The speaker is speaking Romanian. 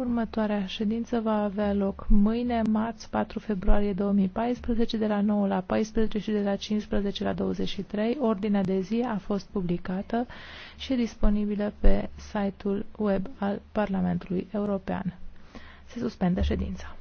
Următoarea ședință va avea loc mâine, marți 4 februarie 2014, de la 9 la 14 și de la 15 la 23. Ordinea de zi a fost publicată și disponibilă pe site-ul web al Parlamentului European. Se suspendă ședința.